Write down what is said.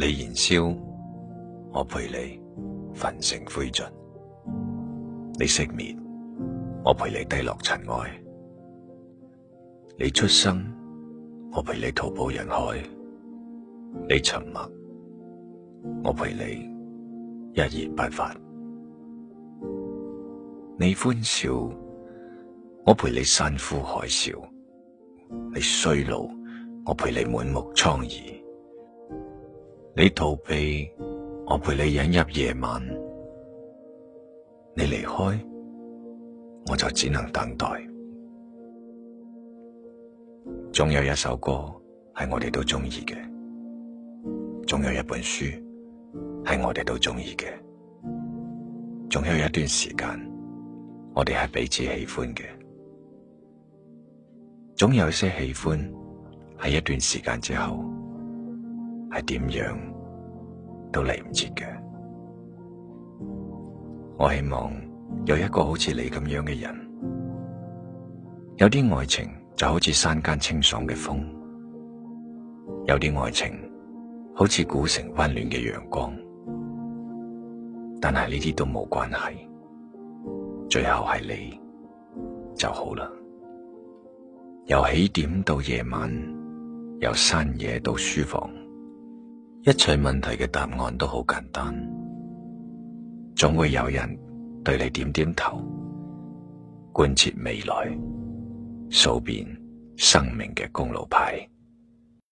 你燃燒，我陪你焚成灰燼；你熄滅，我陪你低落塵埃；你出生，我陪你徒步人海；你沉默，我陪你一言不發；你歡笑，我陪你山呼海嘯；你衰老，我陪你滿目瘡痍。你逃避，我陪你引入夜晚；你離開，我就只能等待。總有一首歌係我哋都中意嘅，總有一本書係我哋都中意嘅，總有一段時間我哋係彼此喜歡嘅，總有一些喜歡喺一段時間之後。係點樣都嚟唔切嘅。我希望有一個好似你咁樣嘅人。有啲愛情就好似山間清爽嘅風，有啲愛情好似古城溫暖嘅陽光，但係呢啲都冇關係。最後係你就好啦。由起點到夜晚，由山野到書房。一切問題嘅答案都好簡單，總會有人對你點點頭，貫徹未來，數遍生命嘅公路牌。